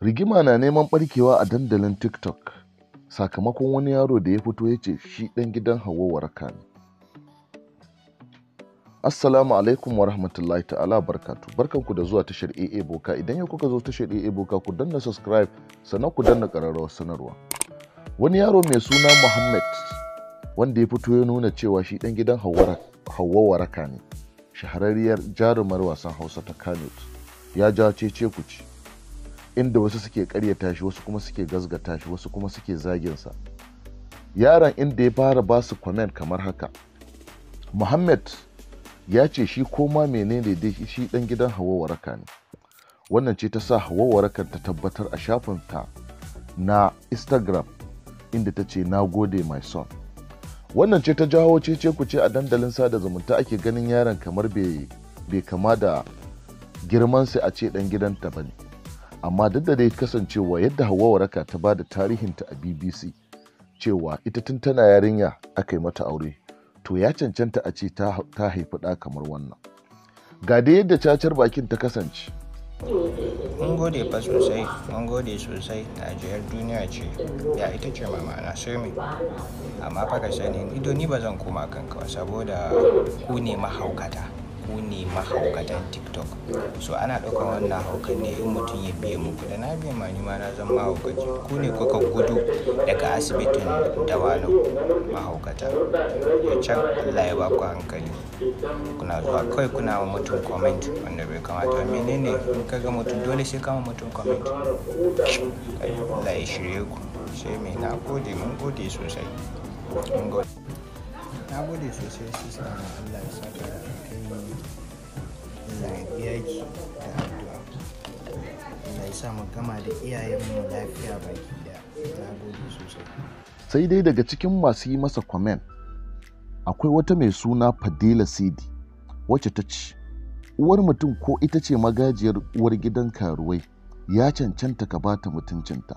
Rigima na neman barkewa a dandalin TikTok sakamakon wani yaro da ya fito ya ce shi ɗan gidan Hauwa Waraka ne. Assalamu alaikum wa rahmatullahi ta'ala barkatu. Barkanku da zuwa tashar AA Boka. Idan ya kuka zo tashar AA Boka ku danna subscribe sannan ku danna ƙararrawar sanarwa. Wani yaro mai suna Muhammad wanda ya fito ya nuna cewa shi ɗan gidan Hauwa Waraka ne. Shahararriyar jarumar wasan Hausa ta Kano ya ja ce ku ci. inda wasu suke karya shi wasu kuma suke gazgata shi wasu kuma suke zaginsa yaron inda ya fara ba su comment kamar haka muhammad ya ce shi koma menene dai shi dan gidan hawa waraka ne wannan ce ta sa hawa warakan ta tabbatar a shafin shafinta na instagram inda ta ce na gode my son wannan ce ta jawo cece ku ce a dandalin sada zumunta ake ganin yaron kamar bai kama da girmansa a ce dan gidanta ba ne amma duk da dai kasancewa yadda hawa waraka ta ba da tarihinta a bbc cewa ita tun tana yarinya aka yi mata aure to ya cancanta a ce ta haifi ɗa kamar wannan ga dai yadda cacar bakin ta kasance mun gode fa sosai mun gode sosai najiyar duniya ce ya ita ce mama na sai amma fa sani ido ni ba zan koma kanka saboda ku ne mahaukata ku ne mahaukatan tiktok so ana ɗaukar wannan haukan ne in mutum ya biya muku da na biya mani ma na zama mahaukaci ku ne kuka gudu daga asibitin dawano mahaukata ya can allah ya baku hankali kuna zuwa kawai kuna wa mutum comment wanda bai kamata menene in ka ga mutum dole sai kama mutum comment allah ya shirye ku sai mai na gode mun gode sosai mun gode na gode sosai su sa na allah ya saka da kai allah ya da addu'a allah ya sa mu gama da iyayenmu lafiya baki daya na gode sosai sai dai daga cikin masu yi masa kwamen akwai wata mai suna fadila sidi wacce ta ce uwar mutum ko ita ce magajiyar uwar gidan karuwai ya cancanta ka bata mutuncinta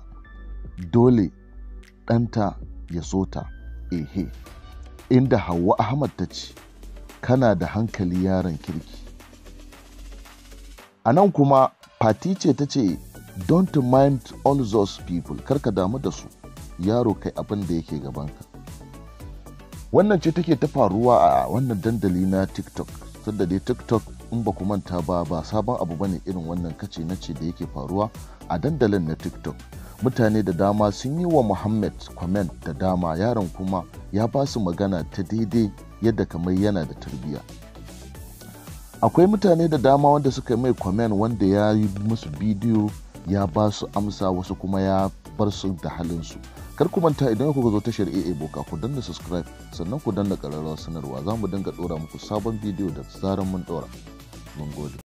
dole ɗanta ya so ta ehe inda Hauwa Ahmad ta ce, Kana da hankali yaron kirki. A nan kuma Fati ce ta ce, Don't mind all those people, karka damu da su, yaro kai abin da yake gabanka. Wannan ce take ta faruwa a wannan dandali na TikTok, tunda dai TikTok in ba ku manta ba ba sabon abu bane irin wannan kace na ce da yake faruwa a dandalin na TikTok. mutane da dama sun yi wa muhammad comment da dama yaron kuma ya ba su magana ta daidai yadda kamar yana da tarbiyya akwai mutane da dama wanda suka mai comment wanda ya yi musu bidiyo ya ba su amsa wasu kuma ya bar su da halinsu kar ku manta idan kuka zo tashar AA Boka ku danna subscribe sannan ku danna ƙararrawar sanarwa za mu dinga ɗora muku sabon bidiyo da zaran mun ɗora mun gode